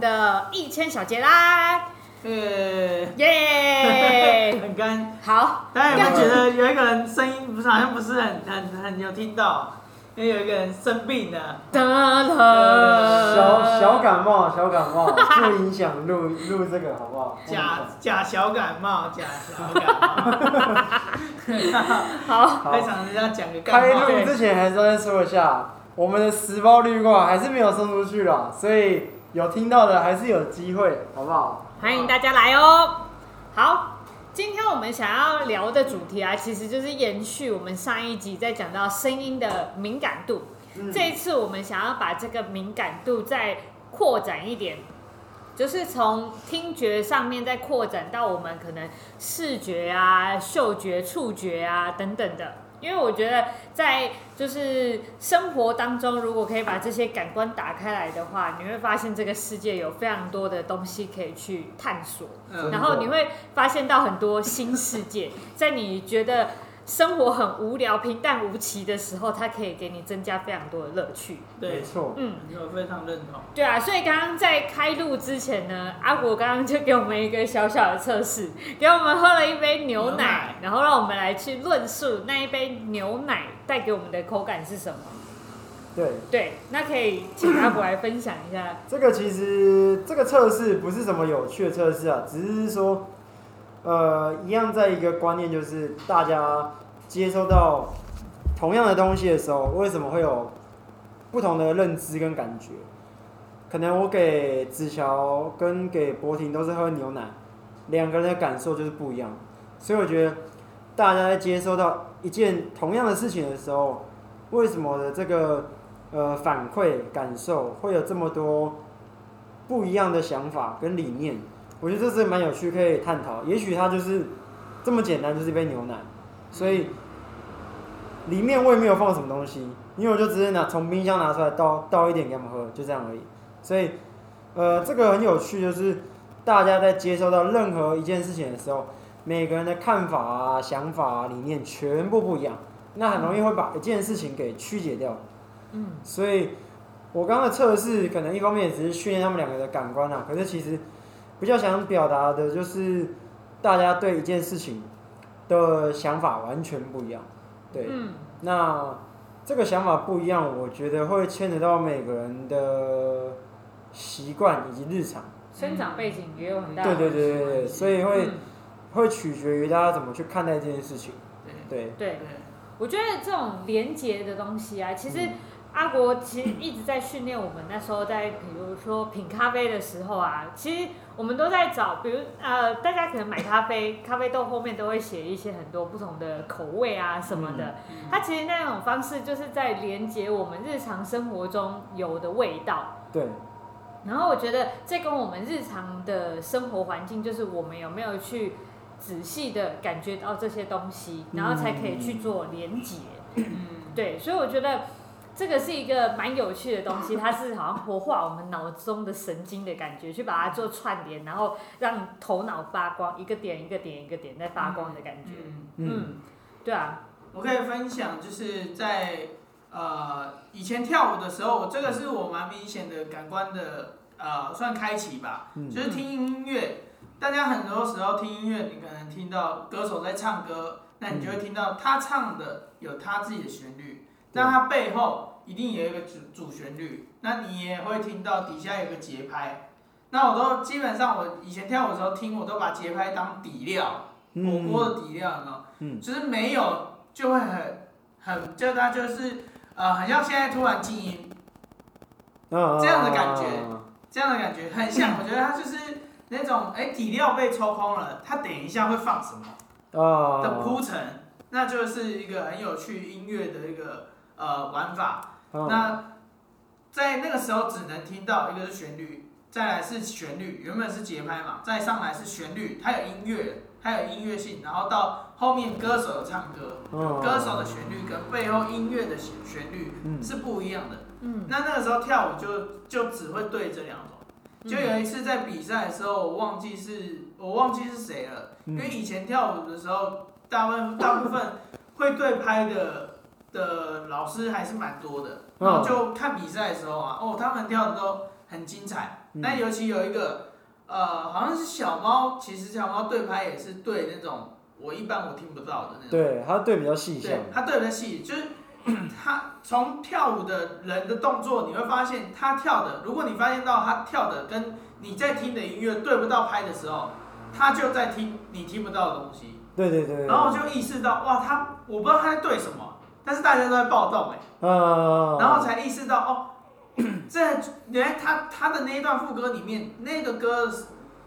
的一千小節啦，耶、嗯 yeah!，很乾，好，哎，我覺得有一個人聲音不是好像不是很很很有聽到，因為有一個人生病了、嗯呃，小小感冒，小感冒，不 影響錄錄這個好不好？假假小感冒，假小感冒， 感冒 好，開場人家講個、欸，開錄之前還是先說一下，我們的十包濾掛還是沒有送出去了，所以。有聽到的還是有機會，好不好？好，歡迎大家來哦、喔。好，今天我們想要聊的主題啊，其實就是延續我們上一集在講到聲音的敏感度、嗯。這一次我們想要把這個敏感度再擴展一點，就是從聽覺上面再擴展到我們可能視覺啊、嗅覺、觸覺啊等等的。因為我覺得，在就是生活當中，如果可以把這些感官打開來的話，你會發現這個世界有非常多的東西可以去探索，然後你會發現到很多新世界，在你覺得。生活很無聊、平淡無奇的時候，它可以給你增加非常多的樂趣。對，沒錯，嗯，我非常認同。對啊，所以剛剛在開錄之前呢，阿國剛剛就給我們一個小小的測試，給我們喝了一杯牛奶，牛奶，然後讓我們來去論述那一杯牛奶帶給我們的口感是什麼。對對，那可以請阿國來分享一下。嗯、這個其實這個測試不是什麼有趣的測試啊，只是說。呃，一樣在一個觀念，就是大家接收到同樣的東西的時候，為什麼會有不同的認知跟感覺？可能我給子喬跟給柏廷都是喝牛奶，兩個人的感受就是不一樣。所以我覺得，大家在接收到一件同樣的事情的時候，為什麼的這個呃反饋感受會有這麼多不一樣的想法跟理念？我覺得這是蠻有趣，可以探討。也許它就是這麼簡單，就是一杯牛奶，所以裡面我也沒有放什麼東西，因為我就直接拿從冰箱拿出來倒倒一點給他們喝，就這樣而已。所以，呃，這個很有趣，就是大家在接收到任何一件事情的時候，每個人的看法啊、想法啊、理念全部不一樣，那很容易會把一件事情給曲解掉。嗯。所以我剛剛的測試可能一方面只是訓練他們兩個的感官啊，可是其實。比較想表達的就是，大家對一件事情的想法完全不一樣，對，嗯、那這個想法不一樣，我覺得會牽扯到每個人的習慣以及日常，生長背景也有很大，對對對對對，所以會、嗯、會取決於大家怎麼去看待這件事情，對對，對對，我覺得這種連結的東西啊，其實阿國其實一直在訓練我們，那時候在比如說品咖啡的時候啊，其實。我們都在找，比如呃，大家可能買咖啡，咖啡豆後面都會寫一些很多不同的口味啊什麼的。嗯、它其實那種方式就是在連接我們日常生活中有的味道。對。然後我覺得這跟我們日常的生活環境，就是我們有沒有去仔細的感覺到這些東西，然後才可以去做連接、嗯。嗯。對，所以我覺得。這個是一個蠻有趣的東西，它是好像活化我們腦中的神經的感覺，去把它做串聯，然後讓頭腦發光，一個點一個點一個點在發光的感覺。嗯，嗯，嗯，對啊，我可以分享，就是在呃以前跳舞的時候，我這個是我蠻明顯的感官的呃算開啟吧，就是聽音樂。大家很多時候聽音樂，你可能聽到歌手在唱歌，那你就會聽到他唱的有他自己的旋律。那它背後一定有一個主主旋律，那你也會聽到底下有個節拍。那我都基本上我以前跳舞的時候聽，我都把節拍當底料，火鍋的底料呢、嗯嗯、就是沒有就會很很就它就是呃，很像現在突然靜音、啊，這樣的感覺，這樣的感覺很像、嗯，我覺得它就是那種哎、欸、底料被抽空了，它等一下會放什麼、啊、的鋪陳，那就是一個很有趣音樂的一個。呃，玩法，oh. 那在那個時候只能聽到一個是旋律，再來是旋律，原本是節拍嘛，再上來是旋律，它有音樂，它有音樂性，然後到後面歌手的唱歌，oh. 歌手的旋律跟背後音樂的旋律是不一樣的。嗯。那那個時候跳舞就就只會對這兩種，就有一次在比賽的時候我，我忘記是我忘記是誰了，嗯。因為以前跳舞的時候，大部分大部分會對拍的。的老師還是蠻多的，然後就看比賽的時候啊，哦，他們跳的都很精彩。嗯。但尤其有一個，呃，好像是小貓，其實小貓對拍也是對那種我一般我聽不到的那種。對，他對比較細。對，他對比較細，就是他從跳舞的人的動作，你會發現他跳的，如果你發現到他跳的跟你在聽的音樂對不到拍的時候，他就在聽你聽不到的東西。對對對，對，對。然後我就意識到，哇，他我不知道他在對什麼。但是大家都在暴動哎、欸，uh... 然後才意識到，哦，在原來他他的那一段副歌裡面那個歌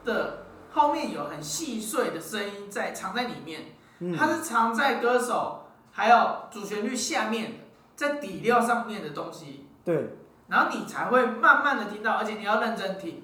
的後面有很細碎的聲音在藏在裡面，嗯、它是藏在歌手還有主旋律下面，在底料上面的東西。對，然後你才會慢慢的聽到，而且你要認真聽。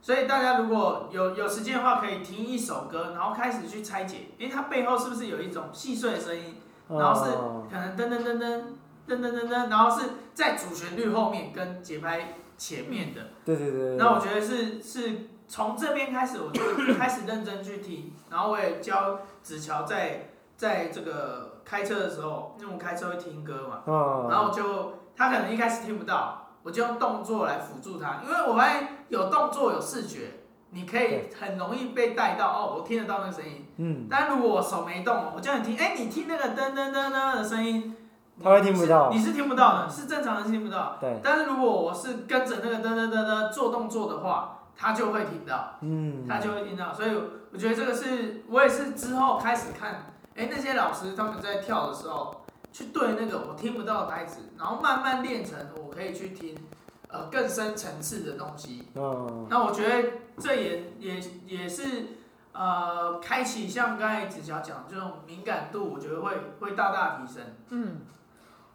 所以大家如果有有時間的話，可以聽一首歌，然後開始去拆解，哎，它背後是不是有一種細碎的聲音？然後是可能噔噔噔噔，噔噔噔噔噔，然後是在主旋律後面跟節拍前面的。對對對，對。然後我覺得是是從這邊開始，我就開始認真去聽。 然後我也教子喬在在這個開車的時候，因為我開車會聽歌嘛。哦、嗯。然後就他可能一開始聽不到，我就用動作來輔助他，因為我發現有動作有視覺。你可以很容易被帶到哦，我聽得到那個聲音、嗯。但如果我手沒動，我叫你聽，哎、欸，你聽那個噔噔噔噔的聲音，他會聽不到。是你是聽不到的，嗯、是正常人聽不到。但是如果我是跟着那個噔噔噔噔做動作的話，他就會聽到。嗯、他就會聽到，所以我覺得這個是我也是之後開始看，哎、欸，那些老師他們在跳的時候，去對那個我聽不到的拍子，然後慢慢練成我可以去聽，呃，更深層次的東西、嗯。那我覺得。這也也也是，呃，開啟像剛才子喬講的這種敏感度，我覺得會會大大提升。嗯，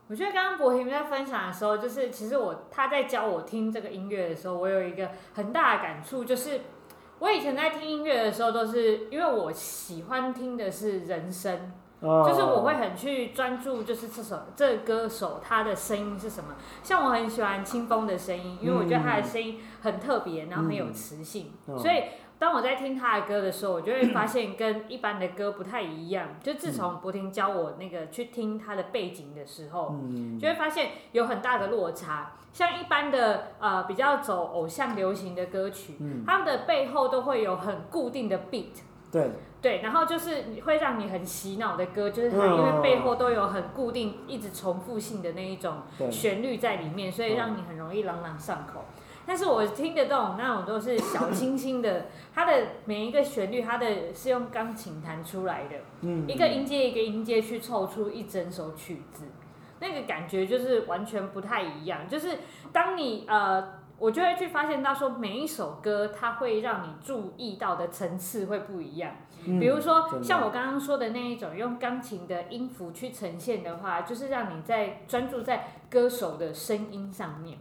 我覺得剛剛博婷在分享的時候，就是其實我他在教我聽這個音樂的時候，我有一個很大的感觸，就是我以前在聽音樂的時候，都是因為我喜歡聽的是人聲。Oh. 就是我會很去專注，就是這首這歌手他的聲音是什麼。像我很喜歡清風的聲音，因為我覺得他的聲音很特別，嗯、然後很有磁性。嗯、所以當我在聽他的歌的時候，我就會發現跟一般的歌不太一樣。就自從博婷教我那個、嗯、去聽他的背景的時候、嗯，就會發現有很大的落差。像一般的呃比較走偶像流行的歌曲，他、嗯、們的背後都會有很固定的 beat 對的。對。對，然後就是會讓你很洗腦的歌，就是它因為背後都有很固定、一直重複性的那一種旋律在裡面，所以讓你很容易朗朗上口。但是我聽得懂那種都是小清新的，它的每一個旋律，它的是用鋼琴彈出來的， 一個音階一個音階去湊出一整首曲子，那個感覺就是完全不太一樣。就是當你呃。我就會去發現到說每一首歌，它會讓你注意到的層次會不一樣。比如說，像我剛剛說的那一種，用鋼琴的音符去呈現的話，就是讓你在專注在歌手的聲音上面。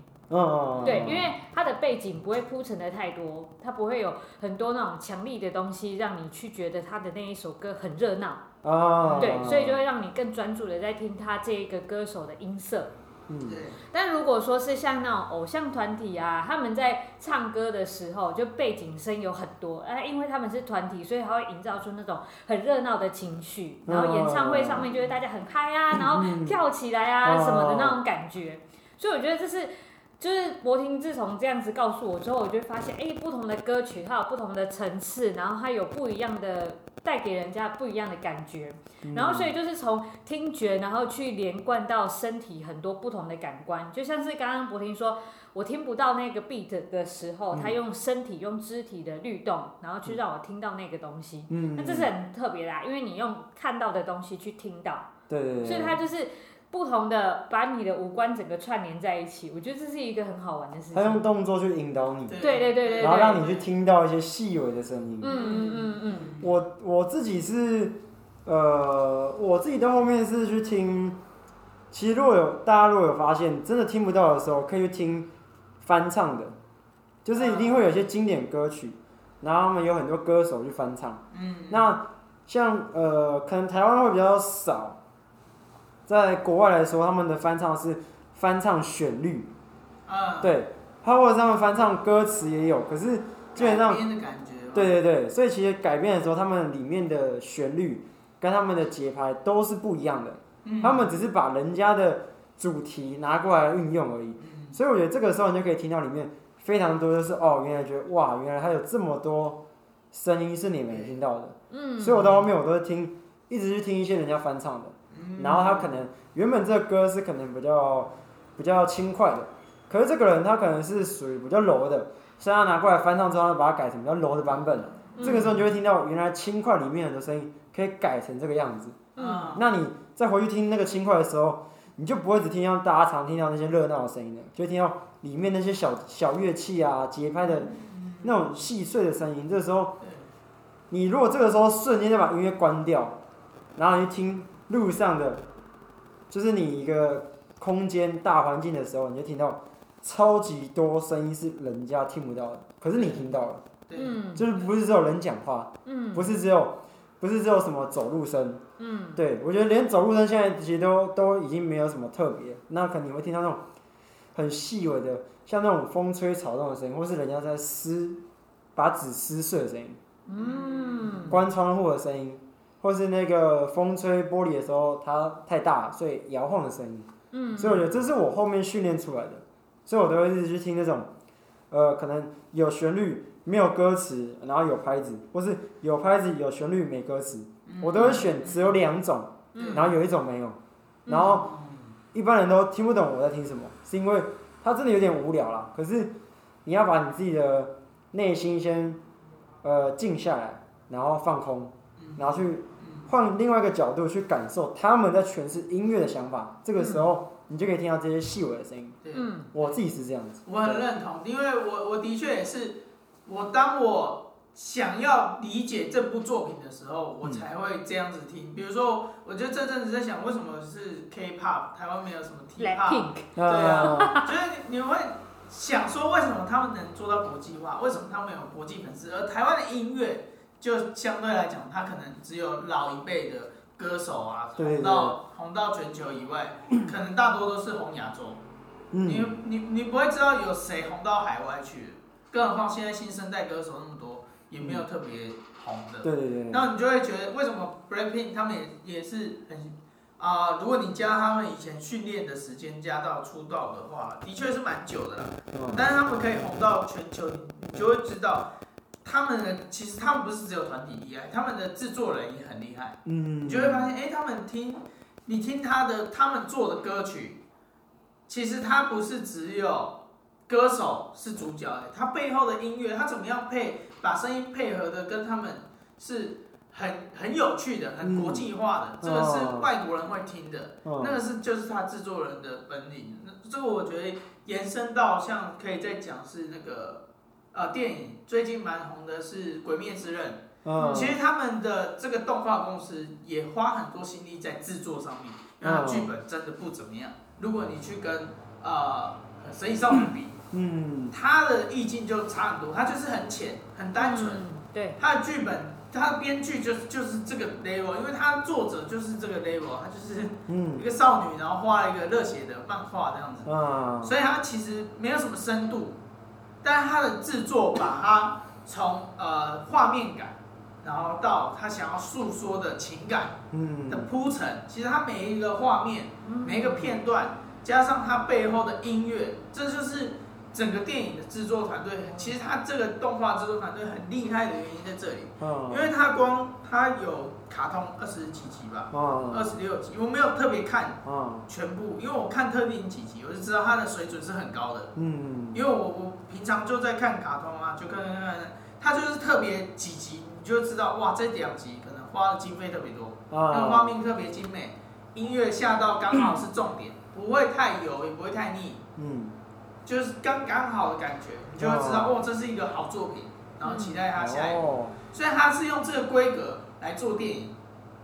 對，因為它的背景不會鋪陳的太多，它不會有很多那種強力的東西，讓你去覺得他的那一首歌很熱鬧。對，所以就會讓你更專注的在聽他這一個歌手的音色。嗯，但如果說是像那種偶像團體啊，他們在唱歌的時候，就背景聲有很多，哎、呃，因為他們是團體，所以他會營造出那種很熱鬧的情緒，然後演唱會上面就是大家很嗨啊、嗯，然後跳起來啊、嗯、什麼的那種感覺、嗯嗯。所以我覺得這是，就是博婷自從這樣子告訴我之後，我就發現，哎，不同的歌曲它有不同的層次，然後它有不一樣的。帶給人家不一樣的感覺，然後所以就是從聽覺，然後去連貫到身體很多不同的感官，就像是剛剛博婷說，我聽不到那個 beat 的時候，嗯、他用身體用肢體的律動，然後去讓我聽到那個東西，嗯、那這是很特別的啦，因為你用看到的東西去聽到，對對對，對，所以他就是。不同的把你的五官整個串聯在一起，我覺得這是一個很好玩的事情。他用動作去引導你，對對對，對，對，對，然後讓你去聽到一些細微的聲音。嗯嗯嗯，嗯我我自己是呃，我自己到後面是去聽，其實如果有大家如果有發現真的聽不到的時候，可以去聽翻唱的，就是一定會有些經典歌曲，嗯。然後他們有很多歌手去翻唱。嗯。那像呃，可能台灣會比較少。在國外來說，他們的翻唱是翻唱旋律，對、uh，對，或者他們翻唱歌詞也有，可是基本上，對對對，所以其實改變的時候，他們裡面的旋律跟他們的節拍都是不一樣的。嗯，他們只是把人家的主題拿過來運用而已。嗯，所以我覺得這個時候你就可以聽到裡面非常多的，就是哦，原來覺得哇，原來還有這麼多聲音是你沒聽到的，嗯，所以我到後面我都是聽，一直去聽一些人家翻唱的。然後他可能原本這個歌是可能比較比較輕快的，可是這個人他可能是屬於比較柔的，所以他拿過來翻唱之後，他把它改成比較柔的版本、嗯、這個時候你就會聽到原來輕快裡面很多聲音可以改成這個樣子。嗯、那你再回去聽那個輕快的時候，你就不會只聽到大家常聽到那些熱鬧的聲音了，就會聽到裡面那些小小樂器啊、節拍的那種細碎的聲音。這個時候，你如果這個時候瞬間就把音樂關掉，然後你就聽。路上的，就是你一個空間大環境的時候，你就聽到超級多聲音是人家聽不到的，可是你聽到了。對。對就是不是只有人講話，不是只有，不是只有什麼走路聲，嗯，對我覺得連走路聲現在其實都都已經沒有什麼特別，那可能你會聽到那種很細微的，像那種風吹草動的聲音，或是人家在撕把紙撕碎的聲音，嗯，關窗戶的聲音。或是那個風吹玻璃的時候，它太大，所以搖晃的聲音。所以我覺得這是我後面訓練出來的，所以我都會一直去聽那種，呃，可能有旋律沒有歌詞，然後有拍子，或是有拍子有旋律沒歌詞，我都會選只有兩種，然後有一種沒有，然後一般人都聽不懂我在聽什麼，是因為它真的有點無聊啦。可是你要把你自己的內心先呃靜下來，然後放空。然後去換另外一個角度去感受他們在詮釋音樂的想法、嗯，這個時候你就可以聽到這些細微的聲音。對，嗯，我自己是這樣子。我很認同，因為我我的確也是，我當我想要理解這部作品的時候，我才會這樣子聽。嗯、比如說，我覺得這陣子在想，為什麼是 K-pop 台灣沒有什麼 T-pop，、like、對啊， 就是你會想說，為什麼他們能做到國際化，為什麼他們有國際粉絲，而台灣的音樂？就相對來講，他可能只有老一輩的歌手啊，紅到對對對，紅到全球以外， 可能大多都是紅亞洲。嗯、你你你不會知道有誰紅到海外去，更何況現在新生代歌手那麼多，也沒有特別紅的。對、嗯、對那你就會覺得，為什麼 BLACKPINK 他們也也是很啊、呃？如果你加他們以前訓練的時間加到出道的話，的確是蠻久的啦。但是他們可以紅到全球，你就會知道。他們的其實他們不是只有團體厲害，他們的製作人也很厲害。嗯，你就會發現，哎、欸，他們聽你聽他的他們做的歌曲，其實他不是只有歌手是主角，欸、他背後的音樂，他怎麼樣配把聲音配合的跟他們是很很有趣的，很國際化的、嗯，這個是外國人會聽的。嗯、那個是就是他製作人的本領。那、嗯、這個我覺得延伸到像可以再講是那個。呃，電影最近蠻紅的是《鬼滅之刃》嗯。其實他們的這個動畫公司也花很多心力在製作上面，那、嗯、劇本真的不怎麼樣。如果你去跟呃《神隱少女》比，嗯，他的意境就差很多，他就是很淺很單純、嗯。對，他的劇本，他的編劇就是就是這個 level，因為他的作者就是這個 level，他就是一個少女，然後畫一個熱血的漫畫這樣子、嗯。所以他其實沒有什麼深度。但是它的製作把他，把它從呃畫面感，然後到他想要訴說的情感的鋪陳，其實它每一個畫面、每一個片段，加上它背後的音樂，這就是整個電影的製作團隊。其實它這個動畫製作團隊很厲害的原因在這裡，因為它光它有。卡通二十幾集吧，二十六集，我沒有特別看全部，uh, 因為我看特定幾集，我就知道它的水準是很高的。嗯、因為我我平常就在看卡通啊，就看看看，嗯，它就是特別幾集，你就知道哇，這兩集可能花的經費特別多，那個畫面特別精美，音樂下到剛好是重點，不會太油也不會太膩，嗯，就是剛剛好的感覺，你就會知道哇，uh, 哦，這是一個好作品，然後期待它下一步，嗯哎，所以它是用這個規格。來做電影，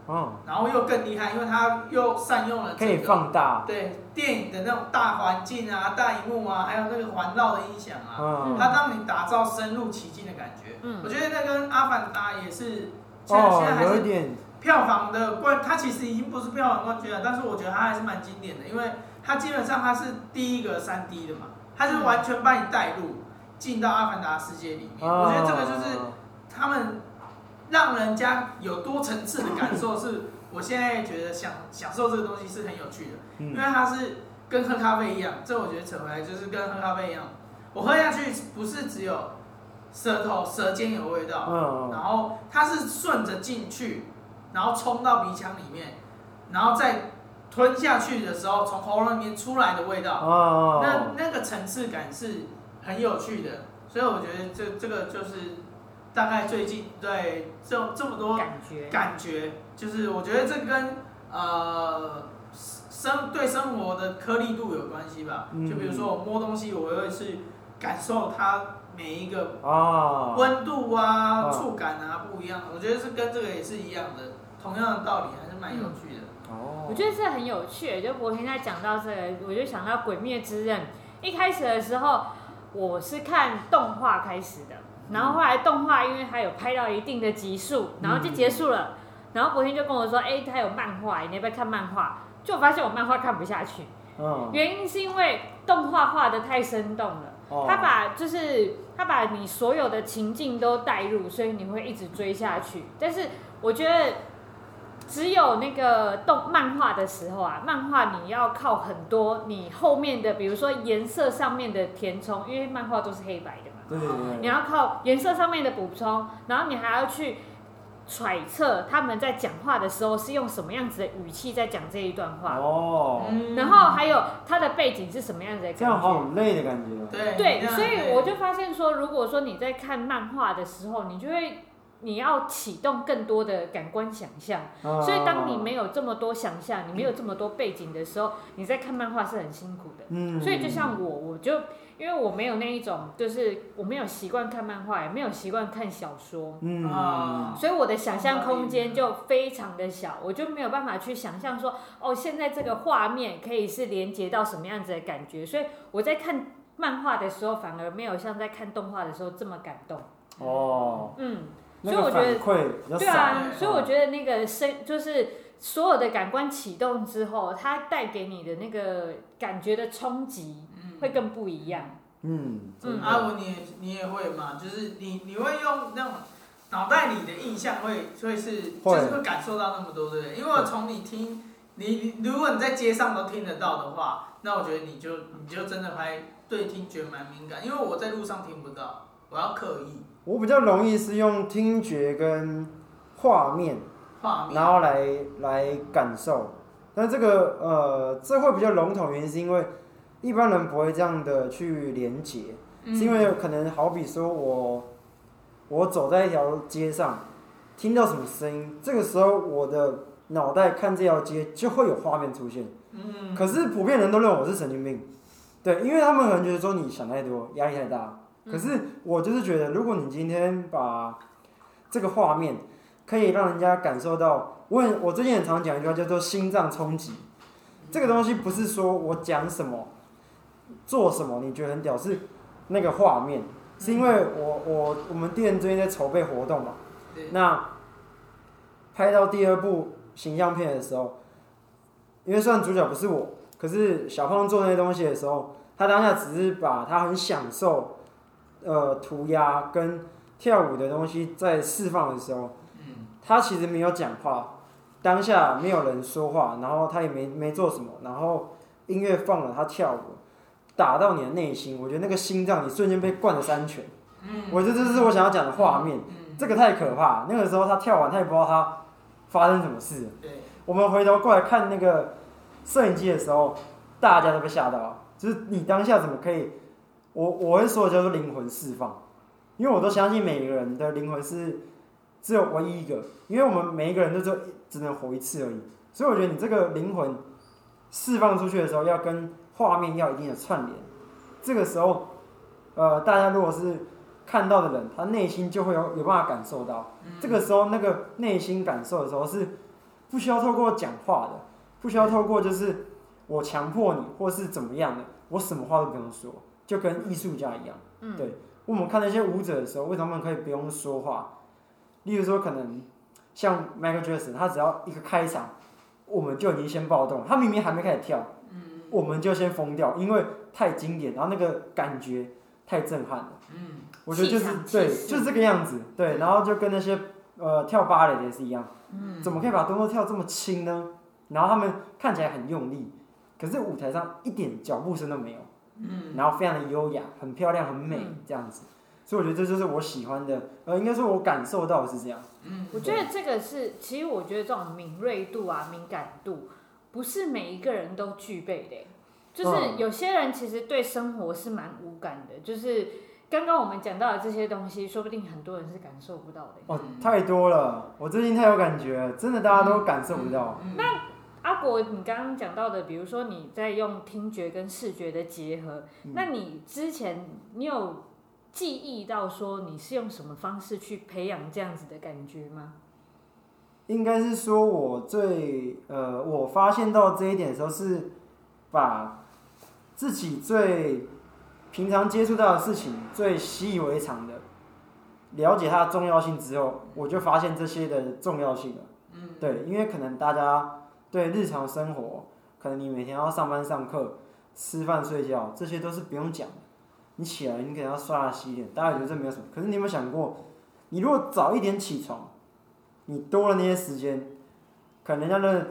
嗯、哦，然後又更厲害，因為他又善用了這個，可以放大，對電影的那種大環境啊、大熒幕啊，還有那個環繞的音響啊，他、嗯、讓你打造深入其境的感覺。嗯，我覺得那跟《阿凡達》也是，現在哦、現在還是電影票房的冠，它其實已經不是票房冠軍了，但是我覺得它還是蠻經典的，因為它基本上它是第一個三 D 的嘛，它是完全把你帶入、嗯、進到《阿凡達》世界裡面、哦。我覺得這個就是他們。讓人家有多層次的感受，是我現在覺得享享受這個東西是很有趣的，因為它是跟喝咖啡一樣，這我覺得扯回來就是跟喝咖啡一樣，我喝下去不是只有舌頭舌尖有味道，然後它是順着進去，然後衝到鼻腔裡面，然後再吞下去的時候從喉嚨裡面出來的味道，那那個層次感是很有趣的，所以我覺得這這個就是。大概最近對這麼這麼多感覺，感覺就是我覺得這跟呃生對生活的顆粒度有關係吧、嗯。就比如說我摸東西，我會去感受它每一個哦溫度啊觸、哦、感啊不一樣。我覺得是跟這個也是一樣的，同樣的道理還是蠻有趣的。哦、嗯，我覺得這很有趣。就我現在講到這個，我就想到《鬼滅之刃》一開始的時候，我是看動畫開始的。嗯、然後後來動畫因為它有拍到一定的集數，然後就結束了。嗯、然後博天就跟我說：“哎、欸，他有漫畫，你要不要看漫畫？”就我發現我漫畫看不下去、嗯，原因是因為動畫畫得太生動了，嗯、他把就是他把你所有的情境都帶入，所以你會一直追下去。嗯、但是我覺得。只有那個動漫畫的時候啊，漫畫你要靠很多你後面的，比如說顏色上面的填充，因為漫畫都是黑白的嘛。對。你要靠顏色上面的補充，然後你還要去揣測他們在講話的時候是用什麼樣子的語氣在講這一段話。哦。然後還有它的背景是什麼樣子的感覺？這樣好累的感覺。對。對，所以我就發現說，如果說你在看漫畫的時候，你就會。你要啟動更多的感官想象，所以當你沒有這麼多想象，你沒有這麼多背景的時候，你在看漫畫是很辛苦的。所以就像我，我就因為我沒有那一種，就是我沒有習慣看漫畫，也沒有習慣看小說，嗯，所以我的想象空間就非常的小，我就沒有辦法去想象說，哦，現在這個畫面可以是連接到什麼樣子的感覺，所以我在看漫畫的時候，反而沒有像在看動畫的時候這麼感動。哦，嗯。所以我覺得，那個、對啊、嗯，所以我覺得那個聲就是所有的感官啟動之後，它帶給你的那個感覺的衝擊、嗯，會更不一樣。嗯嗯，阿文，啊、我你也你也會嘛？就是你你會用那種腦袋裡的印象會會是，就是會感受到那麼多對不對？因為我從你聽，你如果你在街上都聽得到的話，那我覺得你就你就真的還對聽覺蠻敏感。因為我在路上聽不到，我要刻意。我比較容易是用聽覺跟畫面，面，然後來來感受。但這個呃，這會比較籠統，原因是因為一般人不會這樣的去連接、嗯，是因為可能好比說我我走在一條街上，聽到什麼聲音，這個時候我的腦袋看這條街就會有畫面出現、嗯。可是普遍人都認為我是神經病，對，因為他們可能覺得說你想太多，壓力太大。可是我就是覺得，如果你今天把這個畫面可以讓人家感受到，我我最近很常講一句話叫做“心臟衝擊”，這個東西不是說我講什麼、做什麼你覺得很屌，是那個畫面，是因為我我我們店最近在籌備活動嘛，那拍到第二部形象片的時候，因為雖然主角不是我，可是小胖做那些東西的時候，他當下只是把他很享受。呃，塗鴉跟跳舞的東西在釋放的時候，他其實沒有講話，當下沒有人說話，然後他也沒沒做什麼，然後音樂放了，他跳舞，打到你的內心，我覺得那個心臟你瞬間被灌了三拳，嗯，我覺得這是我想要講的畫面，這個太可怕，那個時候他跳完他也不知道他發生什麼事，對，我們回頭過來看那個攝影機的時候，大家都被嚇到，就是你當下怎麼可以？我我會說的叫做靈魂釋放，因為我都相信每一個人的靈魂是只有唯一一個，因為我們每一個人都只有只能活一次而已。所以我覺得你這個靈魂釋放出去的時候，要跟畫面要有一定的串聯。這個時候，呃，大家如果是看到的人，他內心就會有有辦法感受到。這個時候那個內心感受的時候是不需要透過講話的，不需要透過就是我強迫你或是怎麼樣的，我什麼話都不用說。就跟藝術家一樣，對。我們看那些舞者的時候，為什麼他們可以不用說話？例如說，可能像 Michael Jackson，他只要一個開場，我們就已經先暴動。他明明還沒開始跳，我們就先瘋掉，因為太經典，然後那個感覺太震撼了。嗯，我覺得就是對，就是這個樣子。對，然後就跟那些呃跳芭蕾的也是一樣。嗯，怎麼可以把動作跳這麼輕呢？然後他們看起來很用力，可是舞台上一點腳步聲都沒有。嗯，然後非常的優雅，很漂亮，很美這樣子、嗯，所以我覺得這就是我喜歡的，呃，應該說我感受到的是這樣。嗯，我覺得這個是，其實我覺得這種敏銳度啊、敏感度，不是每一個人都具備的，就是有些人其實對生活是蠻無感的，嗯、就是剛剛我們講到的這些東西，說不定很多人是感受不到的。哦，太多了，我最近太有感覺了，真的大家都感受不到。嗯，那阿國，你剛剛講到的，比如說你在用聽覺跟視覺的結合、嗯，那你之前你有記憶到說你是用什麼方式去培養這樣子的感覺嗎？應該是說，我最呃，我發現到這一點的時候是，把自己最平常接觸到的事情最習以為常的，了解它的重要性之後，我就發現這些的重要性了。嗯、對，因為可能大家。對，日常生活，可能你每天要上班、上課、吃飯、睡覺，這些都是不用講的。你起來，你可能要刷牙、洗臉，大家覺得這沒有什麼。可是你有沒有想過，你如果早一點起床，你多了那些時間，可能人家認，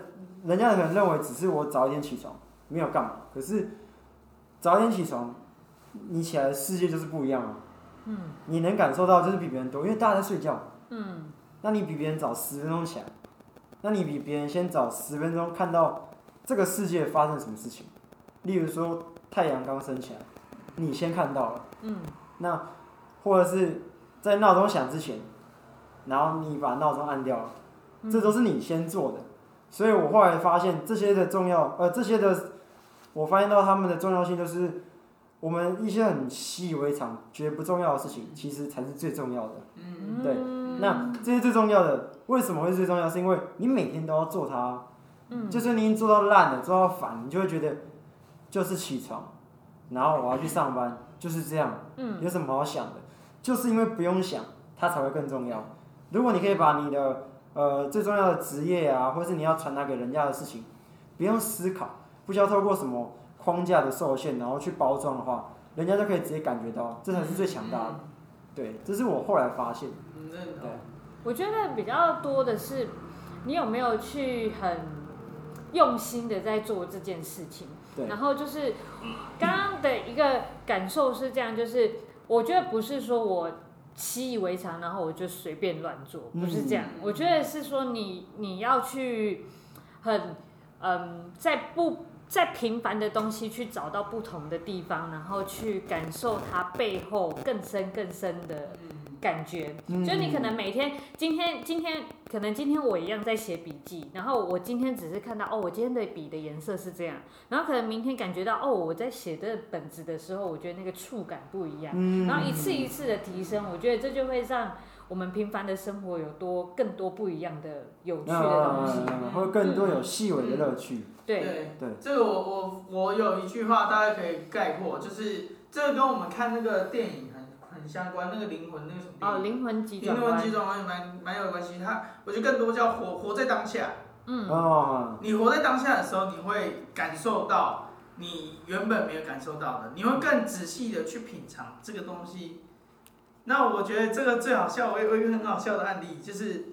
人家可能認為只是我早一點起床，沒有幹嘛。可是早一點起床，你起來的世界就是不一樣了。嗯，你能感受到就是比別人多，因為大家在睡覺。嗯，那你比別人早十分鐘起來。那你比別人先早十分鐘看到這個世界發生什麼事情，例如說太陽剛升起來，你先看到了，嗯，那或者是在鬧鐘響之前，然後你把鬧鐘按掉了，這都是你先做的。所以我後來發現這些的重要，呃，這些的，我發現到他們的重要性就是我們一些很習以為常、覺得不重要的事情，其實才是最重要的。嗯，對。那這是最重要的，為什麼會最重要？是因為你每天都要做它，嗯、就是你做到爛了、做到煩，你就會覺得就是起床，然後我要去上班，就是這樣。嗯，有什麼好想的，嗯？就是因為不用想，它才會更重要。如果你可以把你的呃最重要的職業啊，或是你要傳達給人家的事情，不用思考，不需要透過什麼框架的受限，然後去包裝的話，人家就可以直接感覺到，這才是最強大的。嗯嗯對，這是我後來發現。Mm, no. 對，我覺得比較多的是，你有沒有去很用心的在做這件事情？對，然後就是剛剛的一個感受是這樣，就是我覺得不是說我習以為常，然後我就隨便亂做，不是這樣。嗯，我覺得是說你你要去很嗯，呃，在不。在平凡的東西去找到不同的地方，然後去感受它背後更深更深的感覺。嗯、就你可能每天今天今天可能今天我一樣在寫筆記，然後我今天只是看到哦，我今天的筆的顏色是這樣，然後可能明天感覺到哦，我在寫這本子的時候，我覺得那個觸感不一樣。然後一次一次的提升，我覺得這就會讓。我們平凡的生活有多更多不一樣的有趣的東西，或者更多有細微的樂趣。對對，這個我我我有一句話大家可以概括，就是這個跟我們看那個電影很很相關，那個靈魂那個什麼？哦，靈魂集中。靈魂集中，還蠻蠻有關係。它我覺得更多叫活活在當下。嗯。哦。你活在當下的時候，你會感受到你原本沒有感受到的，你會更仔細的去品嘗這個東西。那我覺得這個最好笑，我有一個很好笑的案例，就是，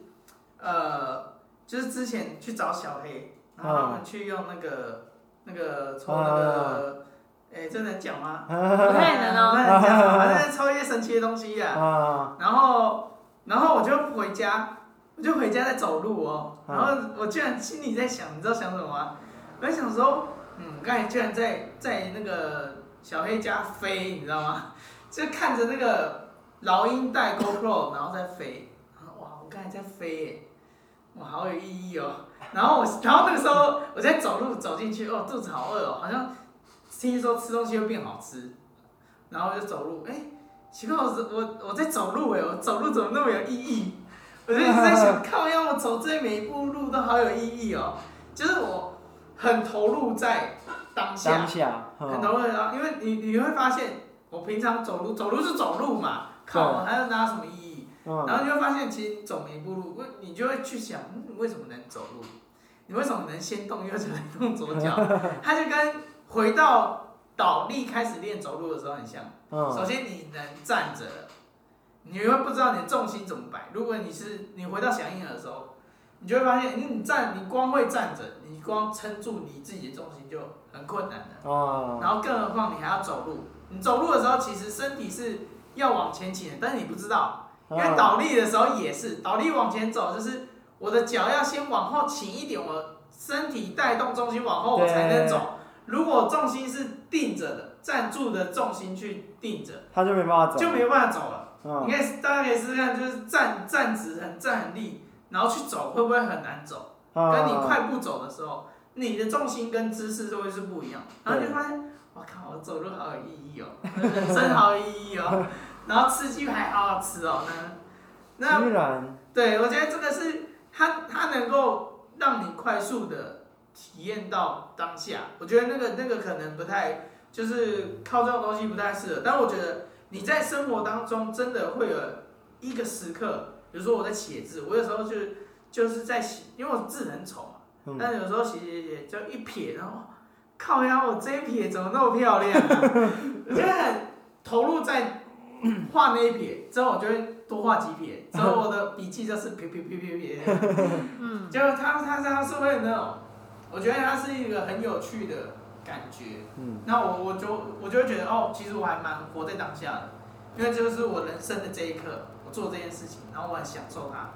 呃，就是之前去找小黑，然後我們去用那個那個抽那個，哎、嗯，欸，這能講嗎？不太能哦，不太能講嘛，反正抽一些神奇的東西啊、嗯、然後然後我就回家，我就回家在走路哦，然後我居然心裡在想，你知道想什麼嗎？我在想說，嗯，我剛才居然在在那個小黑家飛，你知道嗎？就看着那個。老鷹帶 GoPro 然後再飛，哇，我剛才在飛耶，哇，好有意義哦、喔。然後我，然後那個時候我在走路走進去，哦，肚子好餓哦、喔，好像聽說吃東西會變好吃。然後我就走路，哎、欸，奇怪我，我我我在走路哎，我走路怎麼那麼有意義？我就一直在想，靠邀，我走這每一步路都好有意義哦、喔，就是我很投入在當下，當下，很投入、啊。然後因為你你會發現，我平常走路走路是走路嘛。靠，還要拿什麼意義？Oh. Oh. 然後你會發現，其實你走每一步路，你就會去想，嗯、為什麼能走路？你為什麼能先動右腳再動左腳？它 就跟回到倒立開始練走路的時候很像。Oh. 首先你能站着，你就會不知道你的重心怎麼擺。如果你是你回到響應的時候，你就會發現，你站，你光會站着，你光撐住你自己的重心就很困難的。Oh. 然後更何況你還要走路，你走路的時候其實身體是。要往前傾，但是你不知道，因為倒立的時候也是、嗯、倒立往前走，就是我的腳要先往後傾一點，我身體帶動重心往後，我才能走。如果重心是定着的，站住的重心去定着，他就沒辦法走，就沒辦法走了。嗯、你可以大家可以試試看，就是站站直，很站立，然後去走，會不會很難走、嗯？跟你快步走的時候，你的重心跟姿勢就會是不一樣，然後你會發現。我靠，我走路好有意義哦，真好有意義哦， 然後吃雞排好好吃哦呢。那，對，我覺得這個是它它能夠讓你快速的體驗到當下。我覺得那個那個可能不太，就是靠這種東西不太適合。但我覺得你在生活當中真的會有一個時刻，比如說我在寫字，我有時候就就是在寫，因為我字很醜嘛，但有時候寫寫寫，寫就一撇，然後。好呀、啊，我這一撇怎麼那麼漂亮，啊？ 我覺得很投入在畫那一撇，之後我就會多畫幾撇，之後我的筆記就是撇撇撇撇撇。嗯，就他他他是會很那種，我覺得他是一個很有趣的感覺。嗯。那我就我就我就會覺得哦，其實我還蠻活在當下的，因為這就是我人生的這一刻，我做這件事情，然後我很享受它。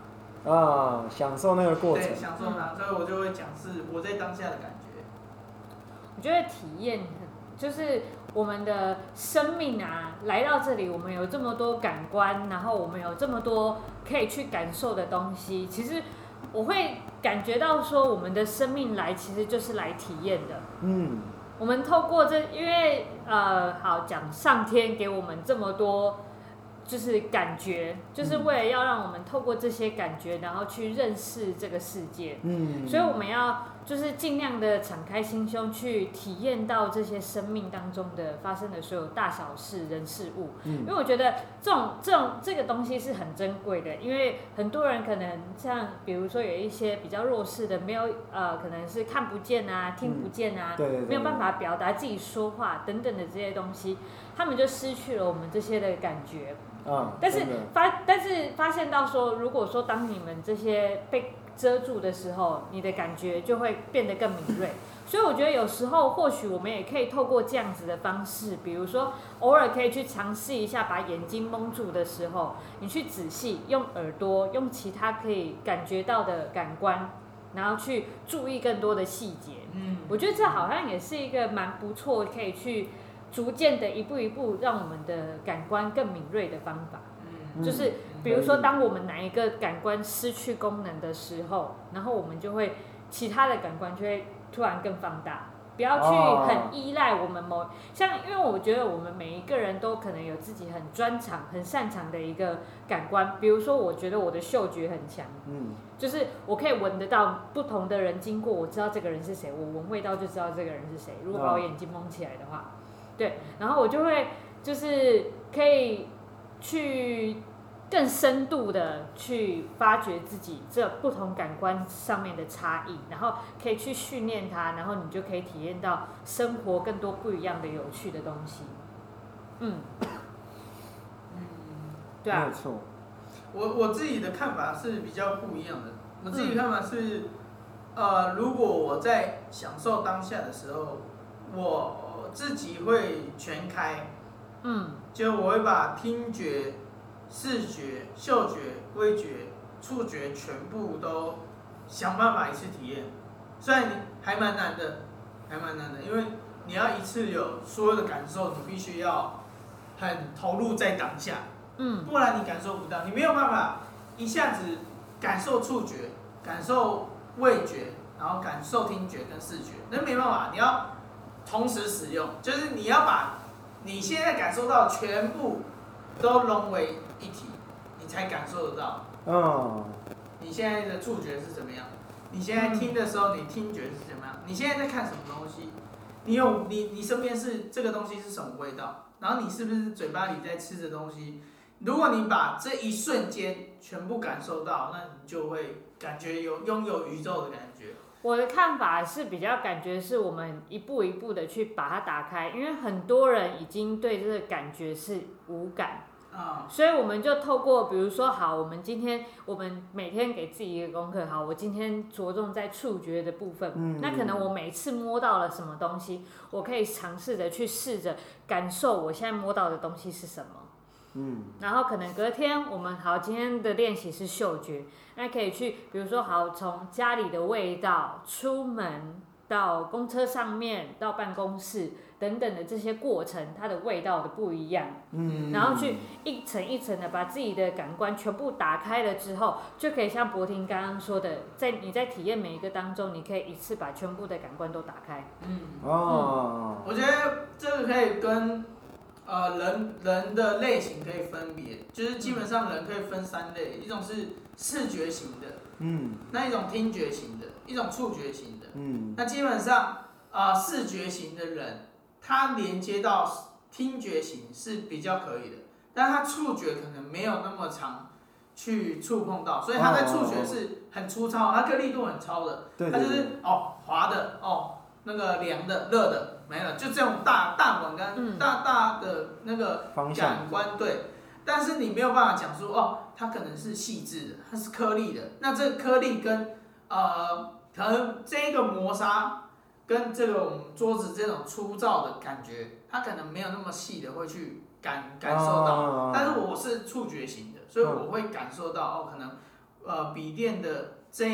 啊、哦，享受那個過程。對，享受它。嗯、所以，我就會講是活在當下的感覺。我覺得體驗就是我們的生命啊，來到這裡，我們有這麼多感官，然後我們有這麼多可以去感受的東西。其實我會感覺到說，我們的生命來其實就是來體驗的。嗯，我們透過這，因為呃，好講上天給我們這麼多，就是感覺，就是為了要讓我們透過這些感覺，然後去認識這個世界。嗯，所以我們要。就是盡量的敞開心胸去體驗到這些生命當中的發生的所有大小事、人事物，嗯，因為我覺得這種、這種、這個東西是很珍貴的。因為很多人可能像，比如說有一些比較弱勢的，沒有呃，可能是看不見啊、聽不見啊，嗯、對，對，對，對，沒有辦法表達自己說話等等的這些東西，他們就失去了我們這些的感覺。嗯，但是發，但是發現到說，如果說當你們這些被遮住的時候，你的感覺就會變得更敏銳。所以我覺得有時候或許我們也可以透過這樣子的方式，比如說偶爾可以去嘗試一下，把眼睛蒙住的時候，你去仔細用耳朵、用其他可以感覺到的感官，然後去注意更多的細節。嗯，我覺得這好像也是一個蠻不錯，可以去逐漸的一步一步讓我們的感官更敏銳的方法。嗯，就是。比如說，當我們哪一個感官失去功能的時候，然後我們就會其他的感官就會突然更放大。不要去很依賴我們某像，因為我覺得我們每一個人都可能有自己很專長、很擅長的一個感官。比如說，我覺得我的嗅覺很強，就是我可以聞得到不同的人經過，我知道這個人是誰，我聞味道就知道這個人是誰。如果把我眼睛蒙起來的話，對，然後我就會就是可以去。更深度的去發掘自己這不同感官上面的差異，然後可以去訓練它，然後你就可以體驗到生活更多不一樣的有趣的東西。嗯，嗯，對啊，沒錯。我我自己的看法是比較不一樣的。嗯。我自己看法是，呃，如果我在享受當下的時候，我自己會全開。嗯。就我會把聽覺。視覺、嗅覺、味覺、觸覺全部都想辦法一次體驗，雖然還蠻難的，還蠻難的，因為你要一次有所有的感受，你必須要很投入在當下，嗯，不然你感受不到，你沒有辦法一下子感受觸覺、感受味覺，然後感受聽覺跟視覺，那沒辦法，你要同時使用，就是你要把你現在感受到全部都融為。一體，你才感受得到。嗯，你現在的觸覺是怎麼樣？你現在聽的時候，你聽覺是怎麼樣？你現在在看什麼東西？你有你你身邊是這個東西是什麼味道？然後你是不是嘴巴裡在吃着東西？如果你把這一瞬間全部感受到，那你就會感覺有擁有宇宙的感覺。我的看法是比較感覺是我們一步一步的去把它打開，因為很多人已經對這個感覺是無感。所以我們就透過，比如說，好，我們今天我們每天給自己一個功課，好，我今天着重在觸覺的部分，嗯，那可能我每次摸到了什麼東西，我可以嘗試着去試着感受我現在摸到的東西是什麼，嗯，然後可能隔天我們好，今天的練習是嗅覺，那可以去，比如說，好，從家裡的味道出門。到公車上面，到辦公室等等的這些過程，它的味道的不一樣。嗯，然後去一層一層的把自己的感官全部打開了之後，就可以像博婷剛剛說的，在你在體驗每一個當中，你可以一次把全部的感官都打開。嗯，哦，嗯，我覺得這個可以跟呃人人的類型可以分別，就是基本上人可以分三類，嗯，一種是視覺型的，嗯，那一種聽覺型的。一種觸覺型的，嗯，那基本上啊、呃，視覺型的人，他連接到聽覺型是比較可以的，但他觸覺可能沒有那麼長去觸碰到，所以他在觸覺是很粗糙，哦、它顆粒度很糙的，他就是哦，滑的哦，那個涼的、熱的，沒了，就這種大大網跟、嗯、大大的那個感官對，對，但是你沒有辦法講說哦，它可能是細緻的，它是顆粒的，那這個顆粒跟呃。可能這個磨砂跟這個我們桌子，這種粗糙的感覺，它可能沒有那麼細的會去感感受到。Uh, 但是我是觸覺型的，所以我會感受到、uh, 哦，可能呃筆電的這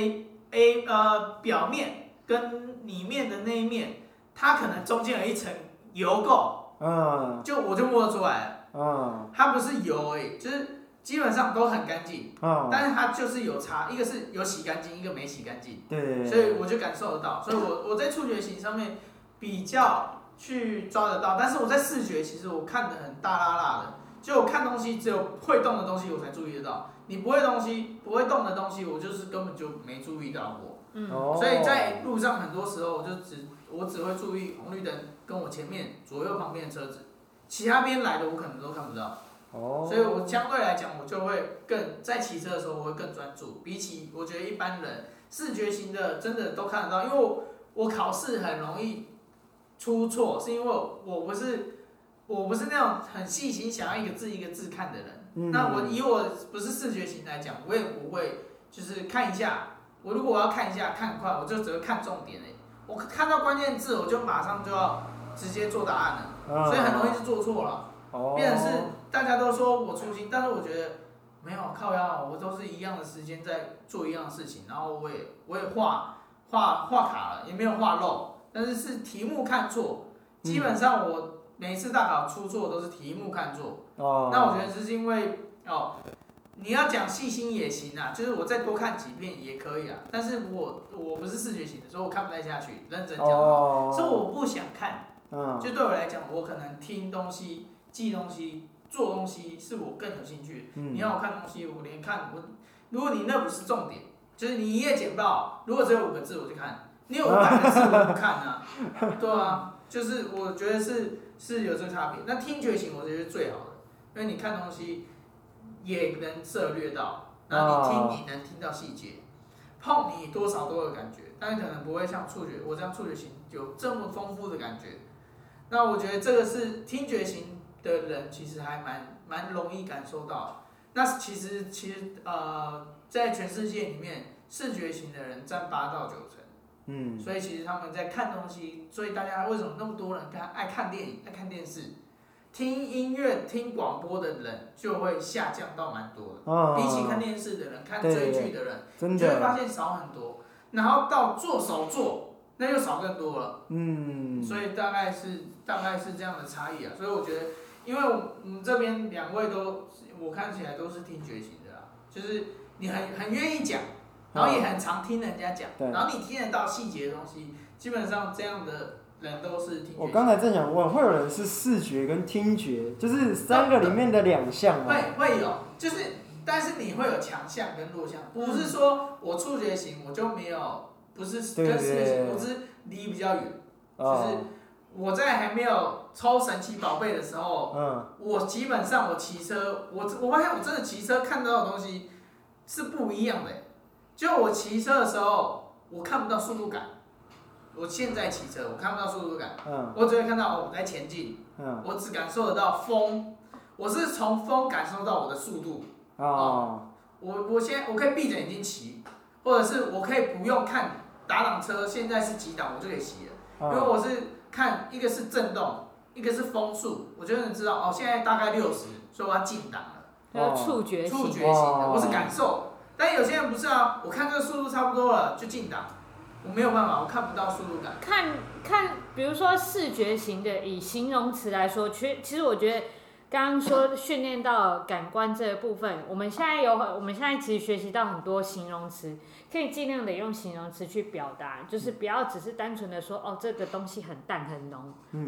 A 呃表面跟裡面的那一面，它可能中間有一層油垢，嗯、uh, uh,，就我就摸得出來了，嗯、uh, uh,，它不是油、欸，就是。基本上都很乾淨，oh. 但是它就是有差，一個是有洗乾淨，一個沒洗乾淨。對、對、對、對。所以我就感受得到，所以我我在觸覺型上面比較去抓得到，但是我在視覺其實我看得很大拉拉的，就我看東西只有會動的東西我才注意得到，你不會東西不會動的東西我就是根本就沒注意到過。嗯。所以在路上很多時候我就只我只會注意紅綠燈跟我前面左右旁邊的車子，其他邊來的我可能都看不到。所以，我相對來講，我就會更在騎車的時候，我會更專注。比起我覺得一般人，視覺型的真的都看得到。因為我考試很容易出錯，是因為我不是我不是那種很細心、想要一個字一個字看的人。那我以我不是視覺型來講，我也不會就是看一下。我如果我要看一下，看很快我就只會看重點、欸、我看到關鍵字，我就馬上就要直接做答案了，所以很容易就做錯了。Oh. 變成是大家都說我粗心，但是我覺得沒有靠藥我都是一樣的時間在做一樣的事情，然後我也我也畫畫畫卡了，也沒有畫漏，但是是題目看錯，基本上我每次大考出錯都是題目看錯。哦、mm -hmm.。那我覺得這是因為、oh. 哦，你要講細心也行啊，就是我再多看幾遍也可以啊，但是我我不是視覺型的，所以我看不太下去，認真講，oh. 所以我不想看，uh. 就對我來講，我可能聽東西。記東西、做東西是我更有興趣。你讓我看東西，我連看我。如果你那不是重點，就是你一頁簡報，如果只有五個字我就看。你有五百個字我不看啊，對啊，就是我覺得是是有這個差別。那聽覺型我覺得是最好的，因為你看東西也能涉獵到，然後你聽你能聽到細節，碰你多少都有感覺，但是可能不會像觸覺我這樣觸覺型有這麼豐富的感覺。那我覺得這個是聽覺型。的人其實還蠻蠻容易感受到，那其實其實呃，在全世界裡面，視覺型的人占八到九成，嗯，所以其實他們在看東西，所以大家為什麼那麼多人看愛看電影、愛看電視、聽音樂、聽廣播的人就會下降到蠻多的，呃、比起看電視的人、看追劇的人，你就會發現少很多，然後到做手作，那就少更多了，嗯，所以大概是大概是這樣的差異啊，所以我覺得。因為我們這邊兩位都，我看起來都是聽覺型的啦，就是你很很願意講，然後也很常聽人家講，嗯，然後你聽得到細節的東西，基本上這樣的人都是聽覺。我剛才在想問，我會有人是視覺跟聽覺，就是三個裡面的兩項，啊，會會有，就是但是你會有強項跟弱項，不是說我觸覺型我就沒有，不是跟視覺型，對對對我是離比較遠，就、嗯，是我在還沒有。超神奇寶貝的時候、嗯，我基本上我騎車，我我發現我真的騎車看到的東西是不一樣的、欸。就我騎車的時候，我看不到速度感。我現在騎車，我看不到速度感。嗯、我只會看到哦，我在前進、嗯。我只感受得到風，我是從風感受到我的速度。哦、嗯嗯，我我先我可以閉着眼睛騎，或者是我可以不用看打擋車，現在是幾檔，我就可以騎了、嗯。因為我是看一個是震動。一個是風速，我就能知道哦，現在大概六十，所以我要進檔了。哦、觸覺、觸覺型的、哦,我是感受，但有些人不是啊，我看這個速度差不多了就進檔，我沒有辦法，我看不到速度感。看看，比如說視覺型的，以形容詞來說，其實我覺得。剛剛說訓練到感官這個部分，我們現在有，我們現在其實學習到很多形容詞，可以儘量的用形容詞去表達，就是不要只是單純的說哦，這個東西很淡很濃，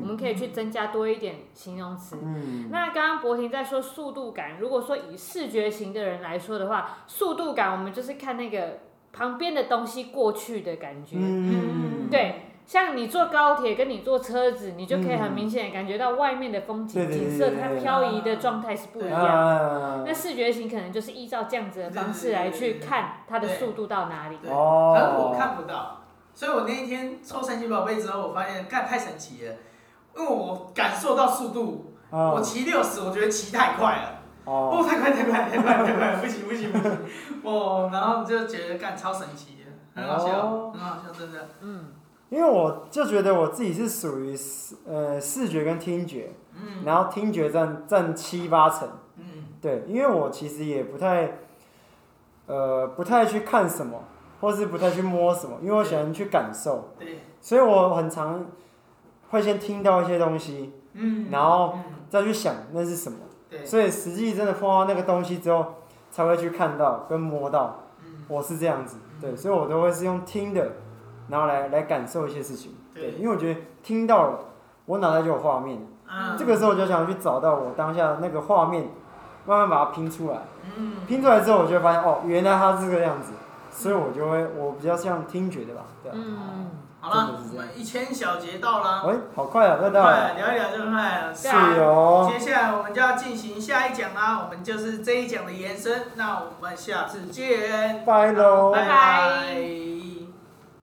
我們可以去增加多一點形容詞。嗯、那剛剛柏婷在說速度感，如果說以視覺型的人來說的話，速度感我們就是看那個旁邊的東西過去的感覺，嗯嗯、對。像你坐高鐵跟你坐車子，你就可以很明顯感覺到外面的風景景色，它漂移的狀態是不一樣的。那視覺型可能就是依照這樣子的方式來去看它的速度到哪裡。對，反正我看不到，所以我那一天抽神奇寶貝之後，我發現幹太神奇了，因、嗯、為我感受到速度，我騎六十，我覺得騎太快了，哦，太快太快太快太快，不行不行，不行，哦，然後你就覺得幹超神奇的，很好笑，很好笑，真的，嗯。因為我就覺得我自己是屬於視呃視覺跟聽覺，然後聽覺占占七八成，對，因為我其實也不太呃不太去看什麼，或是不太去摸什麼，因為我喜歡去感受，所以我很常會先聽到一些東西，然後再去想那是什麼，所以實際真的碰到那個東西之後，才會去看到跟摸到，我是這樣子，對，所以我都會是用聽的。然後來來感受一些事情對，對，因為我覺得聽到了，我腦袋就有畫面，嗯、這個時候我就想要去找到我當下那個畫面，慢慢把它拼出來，嗯，拼出來之後我就會發現哦，原來它這個樣子，所以我就會我比較像聽覺的吧，對，嗯，這個、是這樣好了，我們一千小節到了，喂、哎，好快啊，再到了快到，對，聊一聊就很快了，啊，是、嗯、哦、嗯，接下來我們就要進行下一講啦，啊，我們就是這一講的延伸，那我們下次見，拜嘍，拜拜。拜拜。